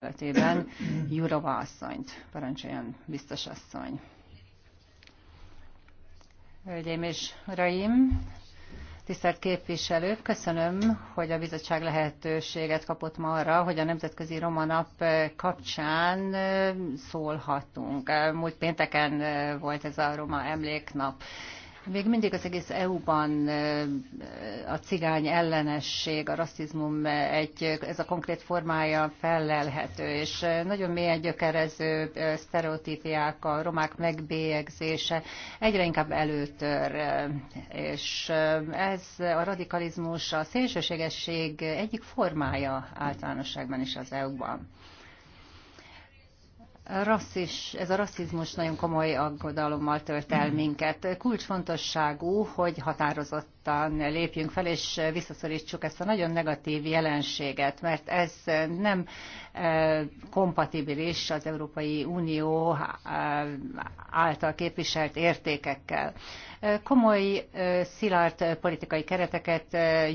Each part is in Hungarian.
testületében Jurova asszonyt. Parancsoljon, biztos asszony. Hölgyeim és Uraim, tisztelt képviselők, köszönöm, hogy a bizottság lehetőséget kapott ma arra, hogy a Nemzetközi Roma Nap eh, kapcsán eh, szólhatunk. Múlt pénteken eh, volt ez a Roma Emléknap még mindig az egész EU-ban a cigány ellenesség, a rasszizmum egy, ez a konkrét formája fellelhető, és nagyon mélyen gyökerező sztereotípiák, a romák megbélyegzése egyre inkább előtör, és ez a radikalizmus, a szélsőségesség egyik formája általánosságban is az EU-ban rasszis, ez a rasszizmus nagyon komoly aggodalommal tölt el mhm. minket. Kulcsfontosságú, hogy határozott nyugodtan lépjünk fel, és visszaszorítsuk ezt a nagyon negatív jelenséget, mert ez nem eh, kompatibilis az Európai Unió eh, által képviselt értékekkel. Eh, komoly, szilárd politikai kereteket,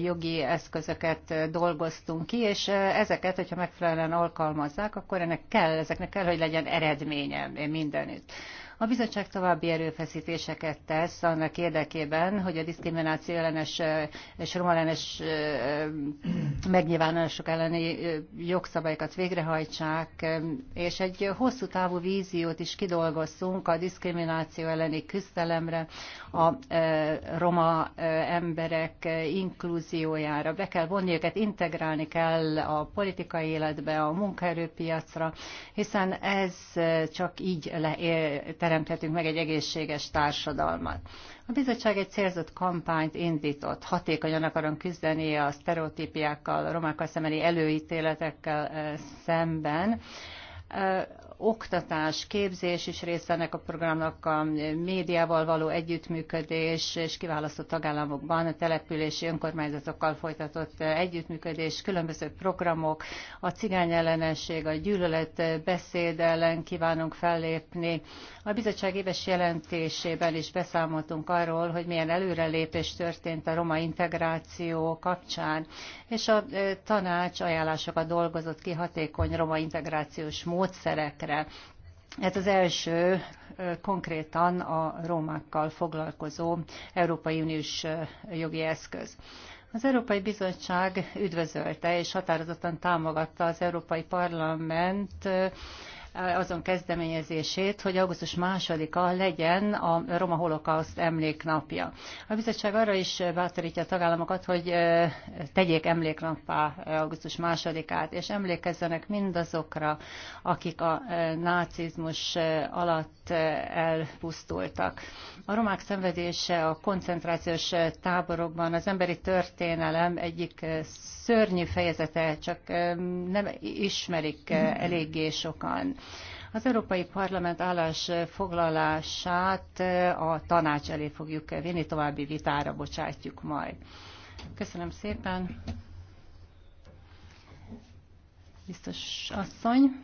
jogi eszközöket dolgoztunk ki, és ezeket, hogyha megfelelően alkalmazzák, akkor ennek kell, ezeknek kell, hogy legyen eredménye mindenütt. A bizottság további erőfeszítéseket tesz annak érdekében, hogy a diszkrimináció ellenes és ellenes megnyilvánulások elleni jogszabályokat végrehajtsák, és egy hosszú távú víziót is kidolgozzunk a diszkrimináció elleni küzdelemre, a roma emberek inkluziójára. Be kell vonni őket, integrálni kell a politikai életbe, a munkaerőpiacra, hiszen ez csak így le, teremthetünk meg egy egészséges társadalmat. A bizottság egy célzott kampányt indított, hatékonyan akarunk küzdeni a sztereotípiákkal, a romákkal szemeli előítéletekkel eh, szemben eh, oktatás, képzés is része ennek a programnak, a médiával való együttműködés és kiválasztott tagállamokban a települési önkormányzatokkal folytatott együttműködés, különböző programok, a cigány ellenesség, a gyűlölet beszéd ellen kívánunk fellépni. A bizottság éves jelentésében is beszámoltunk arról, hogy milyen előrelépés történt a roma integráció kapcsán, és a e, tanács ajánlásokat dolgozott ki hatékony roma integrációs módszerekre erre. Ez az első konkrétan a rómákkal foglalkozó Európai Uniós jogi eszköz. Az Európai Bizottság üdvözölte és határozottan támogatta az Európai Parlament azon kezdeményezését, hogy augusztus 2-a legyen a Roma Holokauszt emléknapja. A bizottság arra is bátorítja a tagállamokat, hogy tegyék emléknappá augusztus másodikát, és emlékezzenek mindazokra, akik a nácizmus alatt elpusztultak. A romák szenvedése a koncentrációs táborokban az emberi történelem egyik szörnyű fejezete, csak nem ismerik eléggé sokan. Az Európai Parlament állásfoglalását eh, a tanács elé fogjuk vinni, további vitára bocsátjuk majd. Köszönöm szépen. Biztos asszony.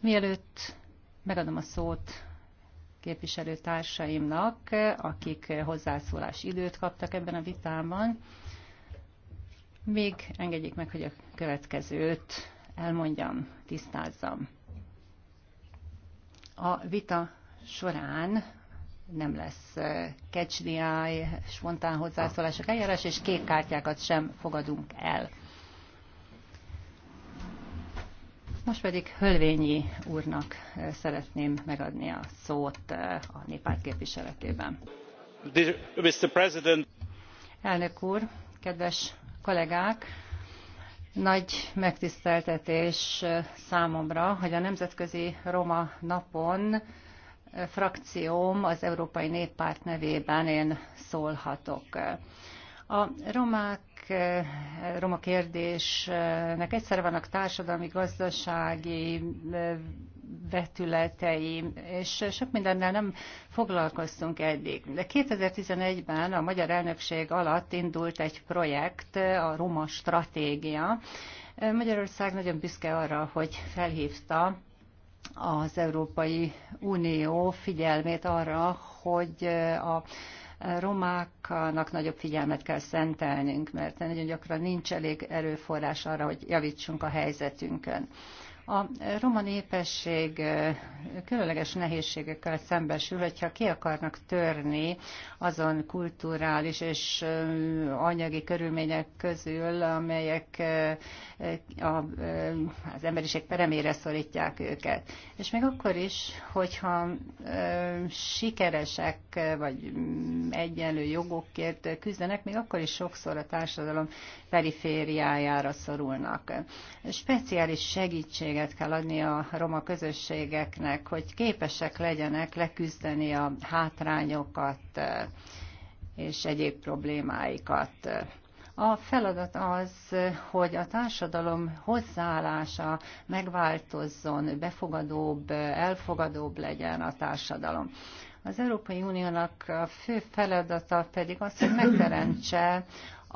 Mielőtt megadom a szót képviselőtársaimnak, akik hozzászólás időt kaptak ebben a vitában, még engedjék meg, hogy a következőt elmondjam, tisztázzam. A vita során nem lesz eh, catch the eye, spontán hozzászólások eljárás, és kék kártyákat sem fogadunk el. Most pedig Hölvényi úrnak eh, szeretném megadni a szót eh, a néppárt képviseletében. Mr. President. Elnök úr, kedves kollégák! Nagy megtiszteltetés számomra, hogy a Nemzetközi Roma Napon eh, frakcióm az Európai Néppárt nevében én szólhatok. A romák, eh, roma kérdésnek egyszerre vannak társadalmi, gazdasági, eh, vetületei, és sok mindennel nem foglalkoztunk eddig. De 2011-ben a magyar elnökség alatt indult egy projekt, a Roma Stratégia. Magyarország nagyon büszke arra, hogy felhívta az Európai Unió figyelmét arra, hogy a romáknak nagyobb figyelmet kell szentelnünk, mert nagyon gyakran nincs elég erőforrás arra, hogy javítsunk a helyzetünkön. A roma népesség különleges nehézségekkel szembesül, hogyha ki akarnak törni azon kulturális és anyagi körülmények közül, amelyek az emberiség peremére szorítják őket. És még akkor is, hogyha sikeresek vagy egyenlő jogokért küzdenek, még akkor is sokszor a társadalom perifériájára szorulnak. Speciális segítség lehetőséget kell adni a roma közösségeknek, hogy képesek legyenek leküzdeni a hátrányokat eh, és egyéb problémáikat. A feladat az, hogy a társadalom hozzáállása megváltozzon, befogadóbb, elfogadóbb legyen a társadalom. Az Európai Uniónak a fő feladata pedig az, hogy megteremtse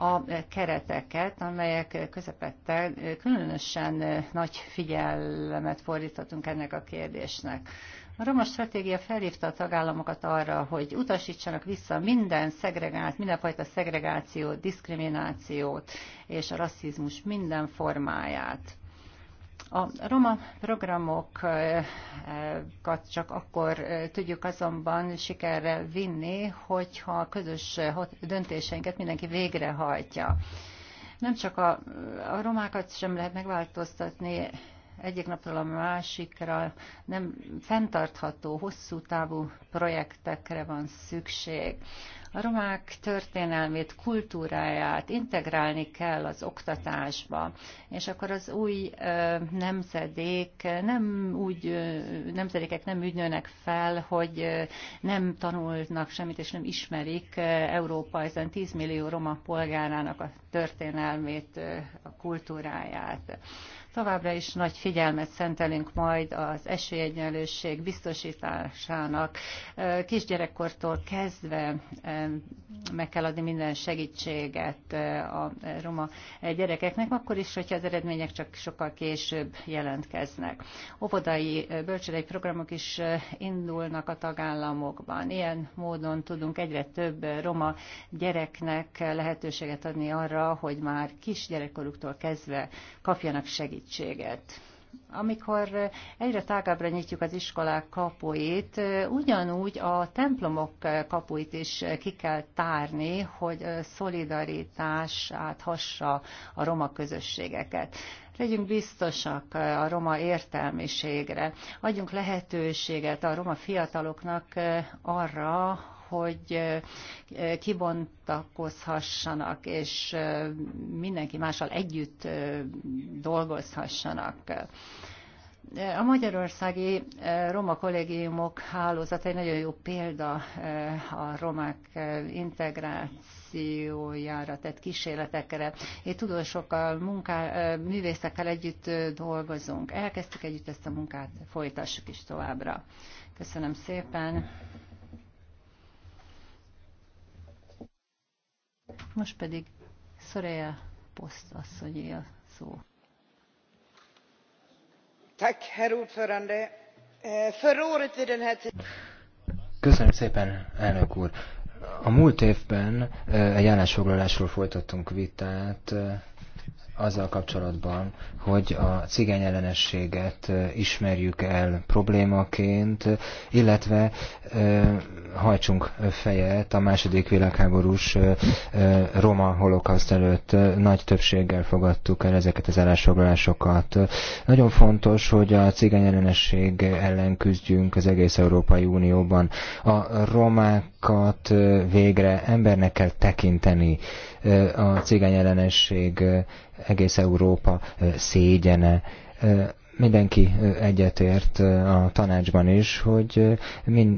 a kereteket, amelyek közepette különösen nagy figyelmet fordítottunk ennek a kérdésnek. A roma stratégia felhívta a tagállamokat arra, hogy utasítsanak vissza minden szegregált, mindenfajta szegregációt, diszkriminációt és a rasszizmus minden formáját. A roma programokat csak akkor tudjuk azonban sikerre vinni, hogyha a közös döntéseinket mindenki végrehajtja. Nem csak a, a romákat sem lehet megváltoztatni egyik napról a másikra nem fenntartható, hosszú távú projektekre van szükség. A romák történelmét, kultúráját integrálni kell az oktatásba, és akkor az új nemzedék nem úgy, nemzedékek nem úgy nőnek fel, hogy nem tanulnak semmit, és nem ismerik Európa ezen 10 millió roma polgárának a történelmét, a kultúráját. Továbbra is nagy figyelmet szentelünk majd az esélyegyenlőség biztosításának. Kisgyerekkortól kezdve meg kell adni minden segítséget a roma gyerekeknek, akkor is, hogyha az eredmények csak sokkal később jelentkeznek. Óvodai bölcsődei programok is indulnak a tagállamokban. Ilyen módon tudunk egyre több roma gyereknek lehetőséget adni arra, hogy már kisgyerekkoruktól kezdve kapjanak segítséget segítséget amikor egyre tágábbra nyitjuk az iskolák kapuit, ugyanúgy a templomok kapuit is ki kell tárni, hogy szolidaritás áthassa a roma közösségeket. Legyünk biztosak a roma értelmiségre. Adjunk lehetőséget a roma fiataloknak arra, hogy kibontakozhassanak, és mindenki mással együtt dolgozhassanak. A magyarországi roma kollégiumok hálózata egy nagyon jó példa a romák integrációjára tett kísérletekre. Én tudósokkal, munká, művészekkel együtt dolgozunk. Elkezdtük együtt ezt a munkát, folytassuk is továbbra. Köszönöm szépen. Most pedig Szoreja Poszt asszony él szó. Eh, Köszönöm szépen, elnök úr! A múlt évben eh, egy állásfoglalásról folytattunk vitát, eh, azzal kapcsolatban, hogy a cigány ellenességet ismerjük el problémaként, illetve hajtsunk fejet a második világháborús roma holokauszt előtt. Nagy többséggel fogadtuk el ezeket az állásfoglalásokat. Nagyon fontos, hogy a cigány ellenesség ellen küzdjünk az egész Európai Unióban. A romákat végre embernek kell tekinteni. A cigány ellenesség egész Európa szégyene mindenki egyetért a tanácsban is, hogy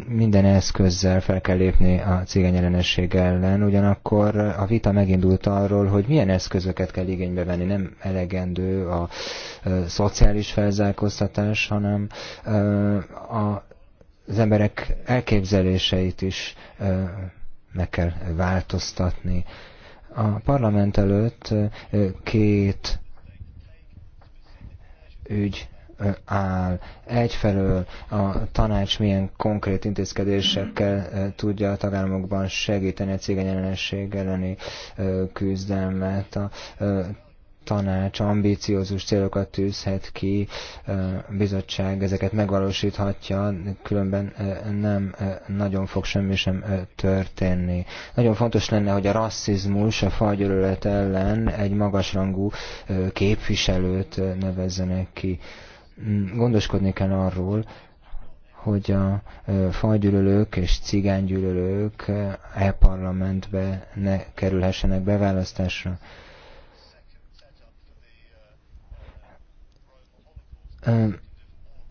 minden eszközzel fel kell lépni a cigányellenesség ellen, ugyanakkor a vita megindult arról, hogy milyen eszközöket kell igénybe venni, nem elegendő a szociális felzárkóztatás, hanem az emberek elképzeléseit is meg kell változtatni. A parlament előtt két ügy áll. Egyfelől a tanács milyen konkrét intézkedésekkel tudja a tagállamokban segíteni a cégenyellenesség elleni küzdelmet. A tanács ambíciózus célokat tűzhet ki, a bizottság ezeket megvalósíthatja, különben nem nagyon fog semmi sem történni. Nagyon fontos lenne, hogy a rasszizmus, a fajgyörölet ellen egy magasrangú képviselőt nevezzenek ki. Mm, gondoskodni kell arról, hogy a fajgyűlölők és cigánygyűlölők e parlamentbe ne kerülhessenek beválasztásra.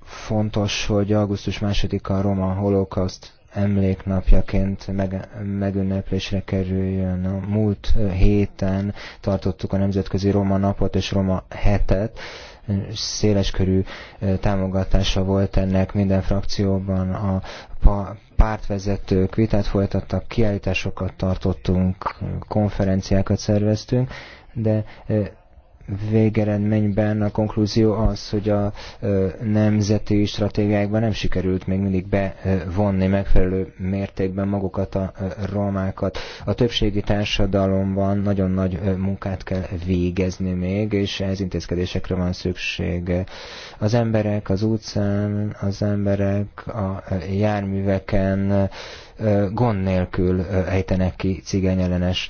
Fontos, hogy augusztus 2-a a Roma Holocaust emléknapjaként meg, megünneplésre kerüljön. A múlt héten tartottuk a Nemzetközi Roma Napot és Roma Hetet, széleskörű támogatása volt ennek minden frakcióban. A pártvezetők vitát folytattak, kiállításokat tartottunk, konferenciákat szerveztünk, de végeredményben a konklúzió az, hogy a nemzeti stratégiákban nem sikerült még mindig bevonni megfelelő mértékben magukat a romákat. A többségi társadalomban nagyon nagy munkát kell végezni még, és ez intézkedésekre van szükség. Az emberek az utcán, az emberek a járműveken gond nélkül ejtenek ki cigányellenes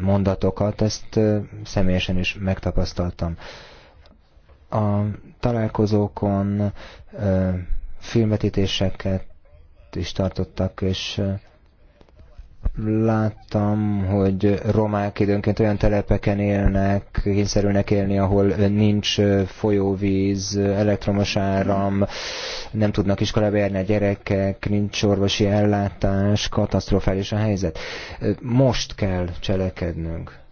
mondatokat, ezt személyesen is megtapasztaltam. A találkozókon filmvetítéseket is tartottak, és láttam, hogy romák időnként olyan telepeken élnek, kényszerülnek élni, ahol nincs folyóvíz, elektromos áram, nem tudnak iskolába járni a gyerekek, nincs orvosi ellátás, katasztrofális a helyzet. Most kell cselekednünk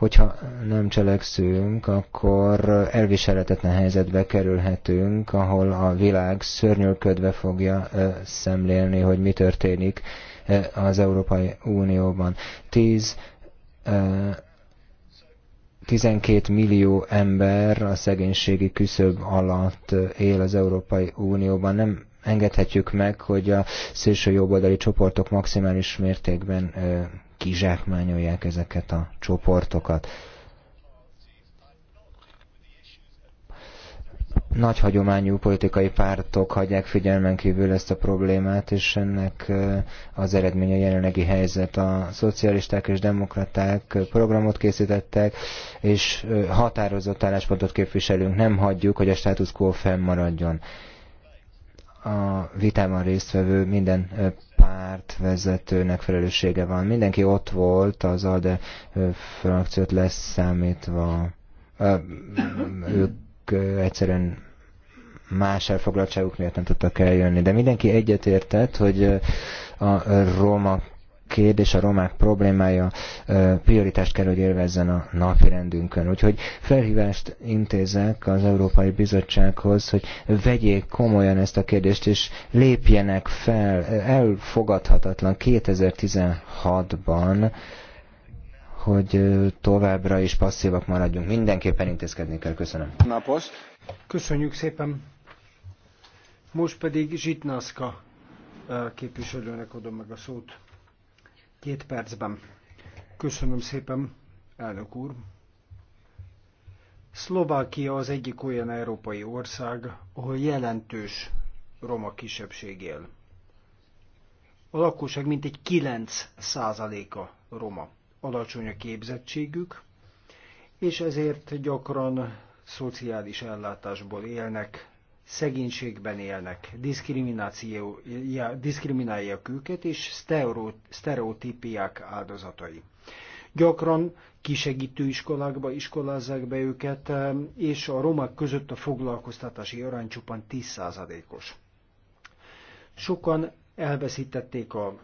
hogyha nem cselekszünk, akkor elviselhetetlen helyzetbe kerülhetünk, ahol a világ szörnyűködve fogja szemlélni, hogy mi történik az Európai Unióban. 10 12 millió ember a szegénységi küszöb alatt él az Európai Unióban. Nem engedhetjük meg, hogy a szélső jobboldali csoportok maximális mértékben kizsákmányolják ezeket a csoportokat. Nagy hagyományú politikai pártok hagyják figyelmen kívül ezt a problémát, és ennek az eredménye a jelenlegi helyzet. A szocialisták és demokraták programot készítettek, és határozott álláspontot képviselünk. Nem hagyjuk, hogy a status quo fennmaradjon a vitában résztvevő minden pártvezetőnek felelőssége van. Mindenki ott volt, az ALDE frakciót leszámítva. számítva. ők egyszerűen más elfoglaltságuk miatt nem tudtak eljönni, de mindenki egyetértett, hogy a roma kérdés, a romák problémája prioritást kell, hogy élvezzen a napi rendünkön. Úgyhogy felhívást intézek az Európai Bizottsághoz, hogy vegyék komolyan ezt a kérdést, és lépjenek fel. Elfogadhatatlan 2016-ban hogy továbbra is passzívak maradjunk. Mindenképpen intézkedni kell. Köszönöm. Napos. Köszönjük szépen. Most pedig Zsitnaszka képviselőnek adom meg a szót. Két percben. Köszönöm szépen, elnök úr. Szlovákia az egyik olyan európai ország, ahol jelentős roma kisebbség él. A lakosság mintegy 9%-a roma. Alacsony a képzettségük, és ezért gyakran szociális ellátásból élnek, szegénységben élnek, diszkriminálják őket, és sztereotípiák áldozatai. Gyakran kisegítő iskolákba iskolázzák be őket, eh, és a romák között a foglalkoztatási arány csupán 10%-os. Sokan elveszítették a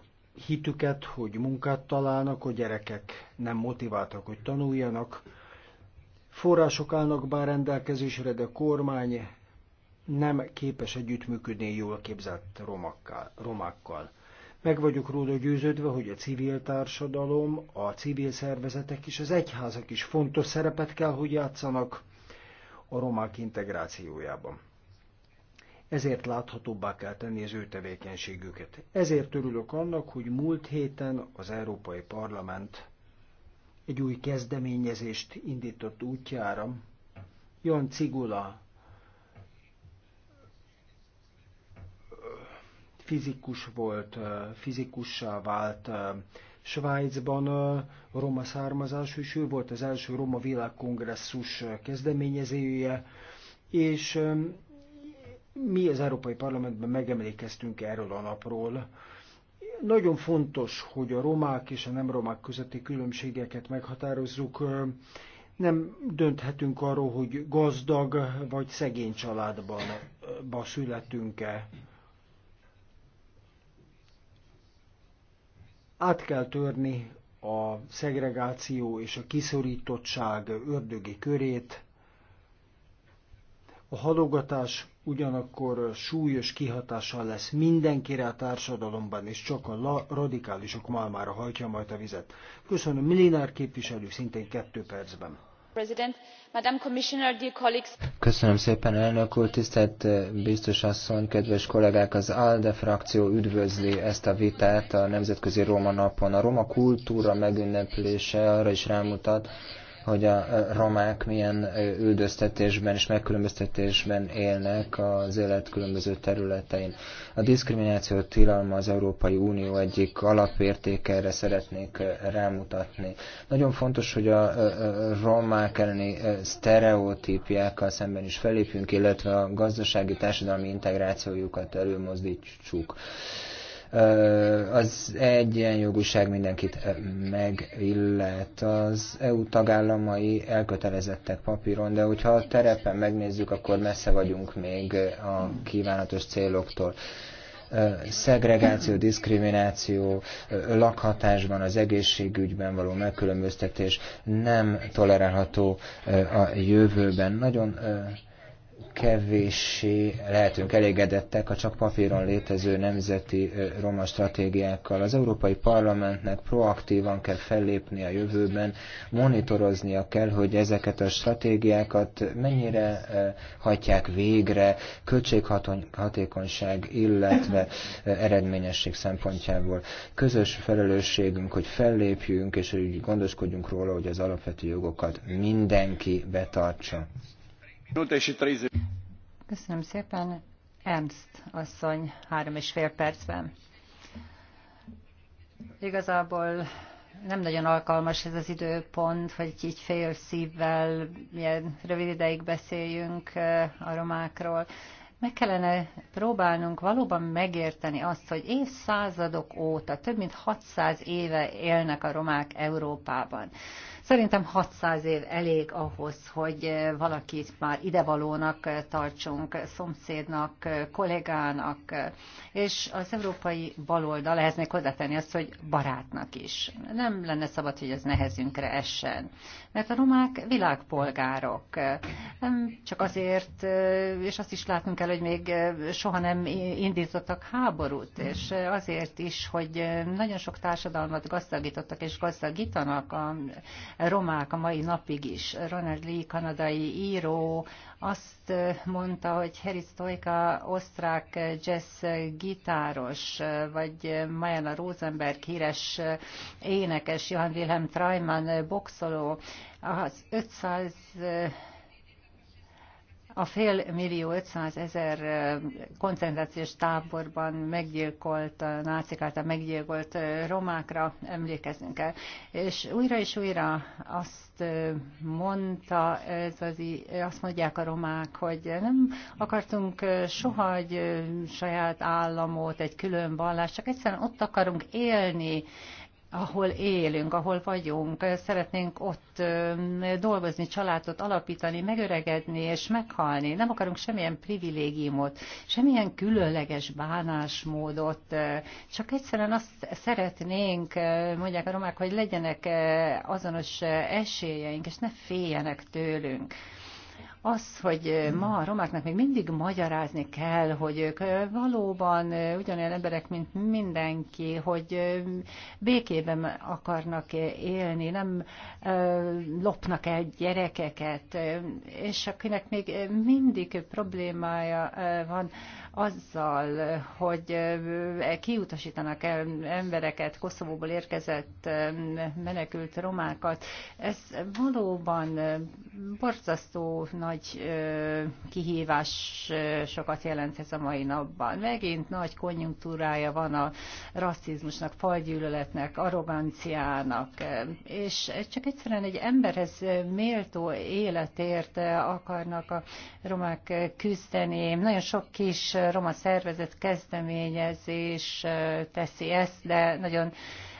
hitüket, hogy munkát találnak, a gyerekek nem motiváltak, hogy tanuljanak. Források állnak bár rendelkezésre, de a kormány nem képes együttműködni jól képzett romakkal, romákkal. Meg vagyok róla győződve, hogy a civil társadalom, a civil szervezetek és az egyházak is fontos szerepet kell, hogy játszanak a romák integrációjában. Ezért láthatóbbá kell tenni az ő tevékenységüket. Ezért örülök annak, hogy múlt héten az Európai Parlament egy új kezdeményezést indított útjára. Jan Cigula fizikus volt, fizikussá vált Svájcban roma származású, és ő volt az első roma világkongresszus kezdeményezője, és mi az Európai Parlamentben megemlékeztünk erről a napról. Nagyon fontos, hogy a romák és a nem romák közötti különbségeket meghatározzuk. Nem dönthetünk arról, hogy gazdag vagy szegény családban születünk-e. Át kell törni a szegregáció és a kiszorítottság ördögi körét. A halogatás ugyanakkor súlyos kihatással lesz mindenkire a társadalomban, és csak a radikálisok malmára hajtja majd a vizet. Köszönöm Millinár képviselő szintén kettő percben. Köszönöm szépen, elnök úr, tisztelt eh, biztos asszony, kedves kollégák! Az ALDE frakció üdvözli ezt a vitát a Nemzetközi Róma Napon. A roma kultúra megünneplése arra is rámutat, hogy a romák milyen üldöztetésben és megkülönböztetésben élnek az élet különböző területein. A diszkrimináció tilalma az Európai Unió egyik alapértéke, erre szeretnék rámutatni. Nagyon fontos, hogy a romák elleni sztereotípiákkal szemben is felépjünk, illetve a gazdasági társadalmi integrációjukat előmozdítsuk az egyenjogúság mindenkit megillet. Az EU tagállamai elkötelezettek papíron, de hogyha a terepen megnézzük, akkor messze vagyunk még a kívánatos céloktól szegregáció, diszkrimináció, lakhatásban, az egészségügyben való megkülönböztetés nem tolerálható a jövőben. Nagyon kevéssé lehetünk elégedettek a csak papíron létező nemzeti roma stratégiákkal. Az Európai Parlamentnek proaktívan kell fellépni a jövőben, monitoroznia kell, hogy ezeket a stratégiákat mennyire hagyják végre költséghatékonyság, illetve eredményesség szempontjából. Közös felelősségünk, hogy fellépjünk, és hogy gondoskodjunk róla, hogy az alapvető jogokat mindenki betartsa szépen. három és fél percben. Igazából nem nagyon alkalmas ez az időpont, hogy így fél szívvel ilyen rövid ideig beszéljünk a romákról. Meg kellene próbálnunk valóban megérteni azt, hogy évszázadok óta, több mint 600 éve élnek a romák Európában. Szerintem 600 év elég ahhoz, hogy eh, valakit már idevalónak eh, tartsunk, eh, szomszédnak, kollégának, és az európai baloldal ehhez még hozzátenni azt, hogy barátnak is. Nem lenne szabad, hogy ez nehezünkre essen. Mert a romák világpolgárok. Nem csak azért, és azt is látnunk kell, hogy még soha nem indítottak háborút, és azért is, hogy nagyon sok társadalmat gazdagítottak és gazdagítanak a romák a mai napig is. Ronald Lee, kanadai író, azt eh, mondta, hogy Heritz Stoika osztrák eh, jazz eh, gitáros, vagy Majana Rosenberg híres énekes, Johann Wilhelm Traiman boxoló, az 500 a fél millió 500 ezer koncentrációs táborban meggyilkolt, nácik által meggyilkolt romákra emlékezünk kell. És újra és újra azt mondta, ez az, azt mondják a romák, hogy nem akartunk soha egy saját államot, egy külön vallást, csak egyszerűen ott akarunk élni, ahol élünk, ahol vagyunk, szeretnénk ott dolgozni, családot alapítani, megöregedni és meghalni. Nem akarunk semmilyen privilégiumot, semmilyen különleges bánásmódot, csak egyszerűen azt szeretnénk, mondják a romák, hogy legyenek azonos esélyeink, és ne féljenek tőlünk az, hogy ma a romáknak még mindig magyarázni kell, hogy ők valóban ugyanolyan emberek, mint mindenki, hogy békében akarnak élni, nem lopnak el gyerekeket, és akinek még mindig problémája van azzal, hogy eh, kiutasítanak embereket, Koszovóból érkezett eh, menekült romákat, ez valóban eh, borzasztó nagy kihívás sokat jelent ez a mai napban. Megint nagy konjunktúrája van a rasszizmusnak, fajgyűlöletnek, arroganciának, és csak egyszerűen egy emberhez méltó életért akarnak a romák küzdeni. Nagyon sok kis roma szervezet kezdeményezés eh, teszi ezt, de nagyon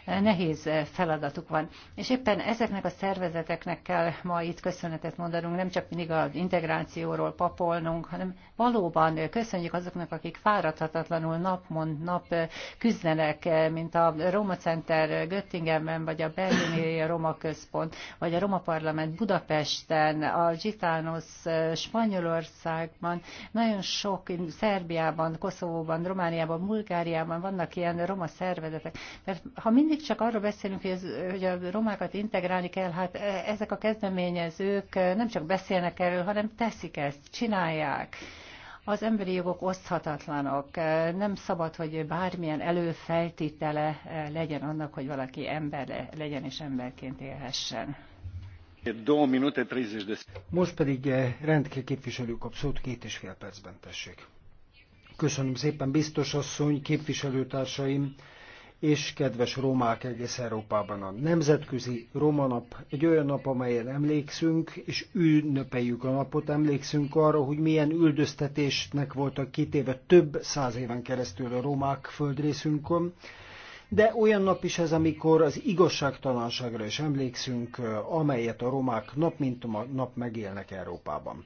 nehéz eh, feladatuk van. És éppen ezeknek a szervezeteknek kell ma itt köszönetet mondanunk, nem csak mindig az integrációról papolnunk, hanem valóban eh, köszönjük azoknak, akik fáradhatatlanul nap mond nap eh, küzdenek, mint a Roma Center Göttingenben, vagy a Berlini Roma Központ, vagy a Roma Parlament Budapesten, a Gitános Spanyolországban, nagyon sok Szerbiában, Koszovóban, Romániában, Bulgáriában vannak ilyen roma szervezetek. Mert ha mindig itt csak arról beszélünk, hogy, ez, hogy a romákat integrálni kell, hát e, ezek a kezdeményezők e, nem csak beszélnek erről, hanem teszik ezt, csinálják. Az emberi jogok oszthatatlanok. E, nem szabad, hogy bármilyen előfeltétele legyen annak, hogy valaki ember legyen és emberként élhessen. Most pedig rendkívül képviselők kap szót két és fél percben tessék. Köszönöm szépen, biztos asszony, képviselőtársaim! és kedves romák egész Európában. A Nemzetközi Roma Nap egy olyan nap, amelyen emlékszünk, és ünnepeljük a napot, emlékszünk arra, hogy milyen üldöztetésnek voltak kitéve több száz éven keresztül a romák földrészünkön, de olyan nap is ez, amikor az igazságtalanságra is emlékszünk, amelyet a romák nap mint nap megélnek Európában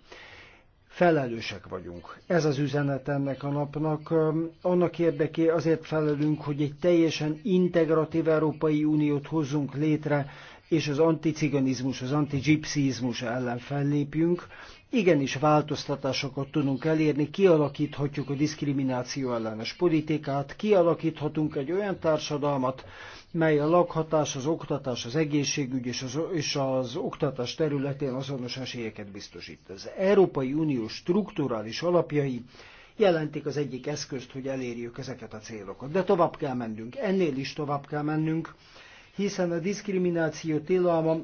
felelősek vagyunk. Ez az üzenet ennek a napnak. Annak érdeké azért felelünk, hogy egy teljesen integratív Európai Uniót hozzunk létre, és az anticiganizmus, az antigipszizmus ellen fellépjünk, Igenis változtatásokat tudunk elérni, kialakíthatjuk a diszkrimináció ellenes politikát, kialakíthatunk egy olyan társadalmat, mely a lakhatás, az oktatás, az egészségügy és az, és az oktatás területén azonos esélyeket biztosít. Az Európai Unió strukturális alapjai jelentik az egyik eszközt, hogy elérjük ezeket a célokat. De tovább kell mennünk, ennél is tovább kell mennünk, hiszen a diszkrimináció tilalma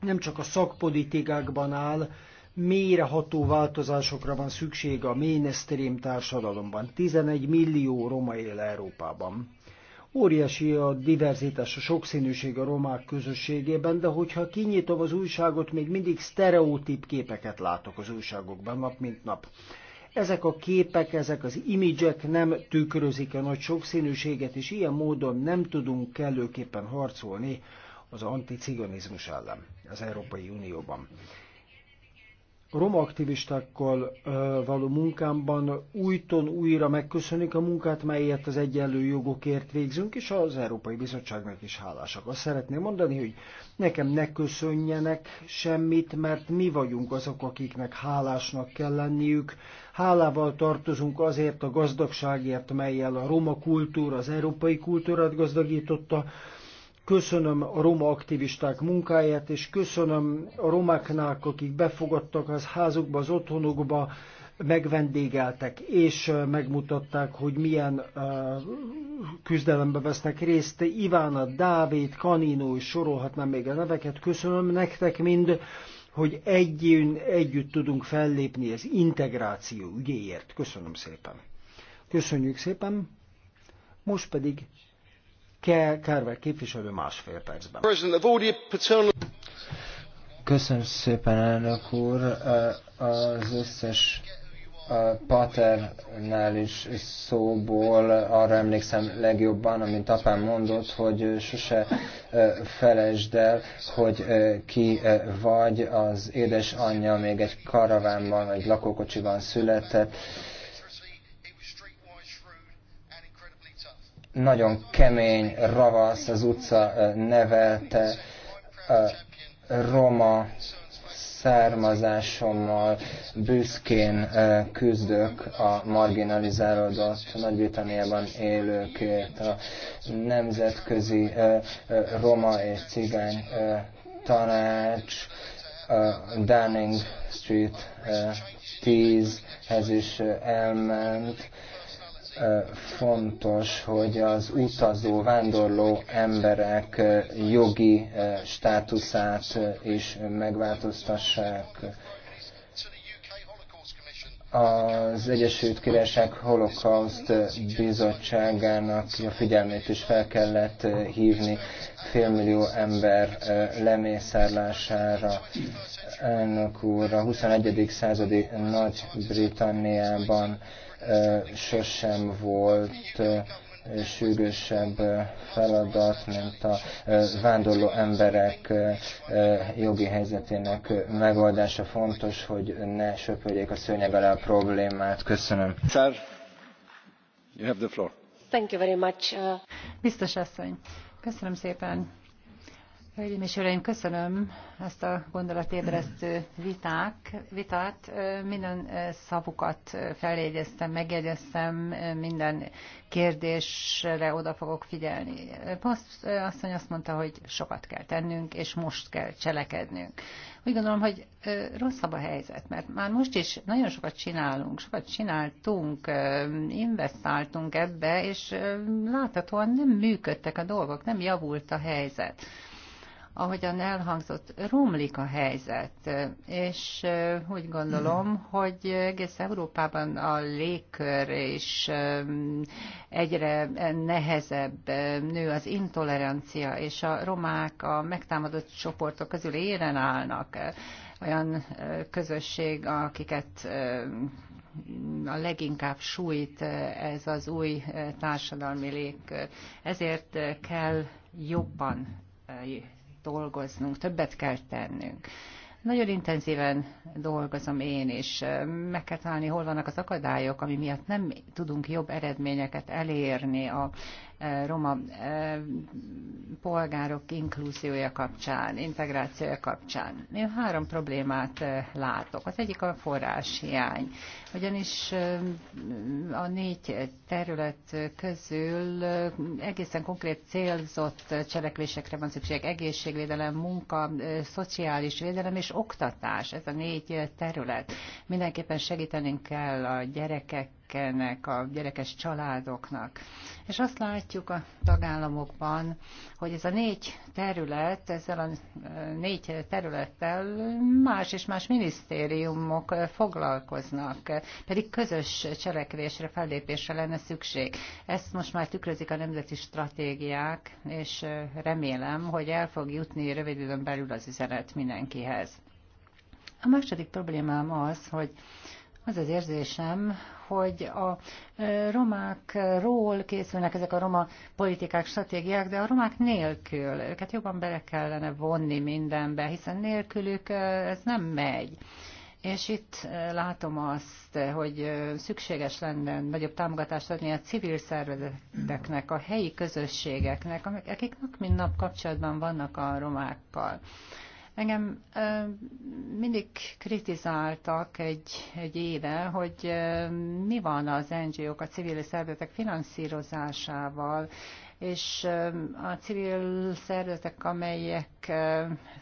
nem csak a szakpolitikákban áll, mélyreható változásokra van szüksége a mainstream társadalomban. 11 millió roma él Európában. Óriási a diverzitás, a sokszínűség a romák közösségében, de hogyha kinyitom az újságot, még mindig sztereotíp képeket látok az újságokban nap mint nap. Ezek a képek, ezek az imidzsek nem tükrözik a nagy sokszínűséget, és ilyen módon nem tudunk kellőképpen harcolni az anticiganizmus ellen az Európai Unióban roma aktivistákkal való munkámban újton újra megköszönjük a munkát, melyet az egyenlő jogokért végzünk, és az Európai Bizottságnak is hálásak. Azt szeretném mondani, hogy nekem ne köszönjenek semmit, mert mi vagyunk azok, akiknek hálásnak kell lenniük. Hálával tartozunk azért a gazdagságért, melyel a roma kultúra az európai kultúrát gazdagította, Köszönöm a roma aktivisták munkáját, és köszönöm a romáknak, akik befogadtak az házukba, az otthonukba, megvendégeltek, és megmutatták, hogy milyen küzdelembe vesznek részt. Ivána, Dávid, Kanino, és sorolhatnám még a neveket. Köszönöm nektek mind, hogy együn, együtt tudunk fellépni az integráció ügyéért. Köszönöm szépen. Köszönjük szépen. Most pedig Kárver képviselő másfél percben. Köszönöm szépen, elnök úr. Az összes is szóból arra emlékszem legjobban, amit apám mondott, hogy sose felejtsd el, hogy ki vagy, az édesanyja még egy karavánban vagy lakókocsiban született, nagyon kemény, ravasz, az utca nevelte, roma származásommal büszkén küzdök a marginalizálódott Nagy-Britanniában élőkért, a nemzetközi roma és cigány tanács, Downing Street 10-hez is elment, fontos, hogy az utazó, vándorló emberek jogi státuszát is megváltoztassák. Az Egyesült Királyság Holokauszt Bizottságának a figyelmét is fel kellett hívni félmillió ember lemészárlására. Elnök úr, a 21. századi Nagy-Britanniában sosem volt sűrűsebb feladat, mint a vándorló emberek jogi helyzetének megoldása. Fontos, hogy ne söpörjék a szőnyeg alá a problémát. Köszönöm. Sir, you have the floor. Thank you very much. Uh, Biztos asszony, köszönöm szépen. Hölgyeim és Uraim, köszönöm ezt a gondolatébresztő viták, vitát. Minden szavukat feljegyeztem, megjegyeztem, minden kérdésre oda fogok figyelni. Azt asszony azt mondta, hogy sokat kell tennünk, és most kell cselekednünk. Úgy gondolom, hogy rosszabb a helyzet, mert már most is nagyon sokat csinálunk, sokat csináltunk, investáltunk ebbe, és láthatóan nem működtek a dolgok, nem javult a helyzet ahogyan elhangzott, romlik a helyzet, és úgy gondolom, hogy egész Európában a légkör és egyre nehezebb nő az intolerancia, és a romák a megtámadott csoportok közül élen állnak olyan közösség, akiket a leginkább sújt ez az új társadalmi légkör. Ezért kell jobban dolgoznunk, többet kell tennünk. Nagyon intenzíven dolgozom én is. Meg kell találni, hol vannak az akadályok, ami miatt nem tudunk jobb eredményeket elérni a Eh, roma eh, polgárok inkluziója kapcsán, integrációja kapcsán. Én három problémát eh, látok. Az egyik a forráshiány, ugyanis a négy terület közül egészen konkrét célzott cselekvésekre van szükség. Egészségvédelem, munka, szociális védelem és oktatás, ez a négy terület. Mindenképpen segítenünk kell a gyerekek gyerekeknek, a gyerekes családoknak. És azt látjuk a tagállamokban, hogy ez a négy terület, ezzel a e, négy területtel más és más minisztériumok e, foglalkoznak, pedig közös cselekvésre, fellépésre lenne szükség. Ezt most már tükrözik a nemzeti stratégiák, és e, remélem, hogy el fog jutni rövid időn belül az üzenet mindenkihez. A második problémám az, hogy az az érzésem, hogy a romákról készülnek ezek a roma politikák, stratégiák, de a romák nélkül őket jobban bele kellene vonni mindenbe, hiszen nélkülük ez nem megy. És itt látom azt, hogy szükséges lenne nagyobb támogatást adni a civil szervezeteknek, a helyi közösségeknek, akik nap mint nap kapcsolatban vannak a romákkal. Engem mindig kritizáltak egy, egy éve, hogy mi van az NGO-k, a civil szervezetek finanszírozásával, és a civil szervezetek, amelyek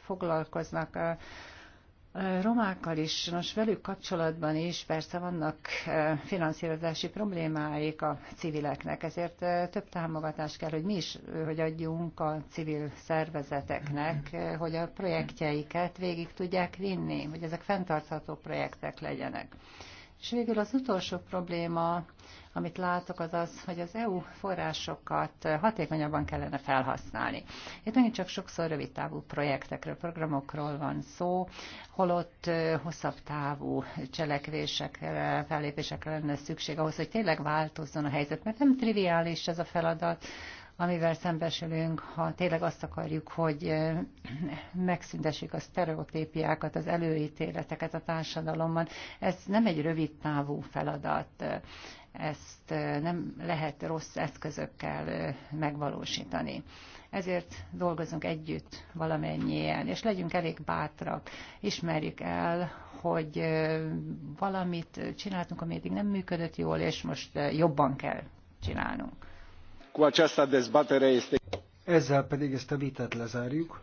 foglalkoznak romákkal is, nos velük kapcsolatban is persze vannak finanszírozási problémáik a civileknek, ezért több támogatást kell, hogy mi is, hogy adjunk a civil szervezeteknek, hogy a projektjeiket végig tudják vinni, hogy ezek fenntartható projektek legyenek. És végül az utolsó probléma, amit látok, az az, hogy az EU forrásokat hatékonyabban kellene felhasználni. Itt megint csak sokszor rövid távú projektekről, programokról van szó, holott hosszabb távú cselekvésekre, fellépésekre lenne szükség ahhoz, hogy tényleg változzon a helyzet, mert nem triviális ez a feladat, amivel szembesülünk, ha tényleg azt akarjuk, hogy megszüntessük a sztereotépiákat, az előítéleteket a társadalomban, ez nem egy rövid távú feladat, ezt nem lehet rossz eszközökkel megvalósítani. Ezért dolgozunk együtt valamennyien, és legyünk elég bátrak, ismerjük el, hogy valamit csináltunk, ami eddig nem működött jól, és most jobban kell csinálnunk. Ezzel pedig ezt a vitát lezárjuk.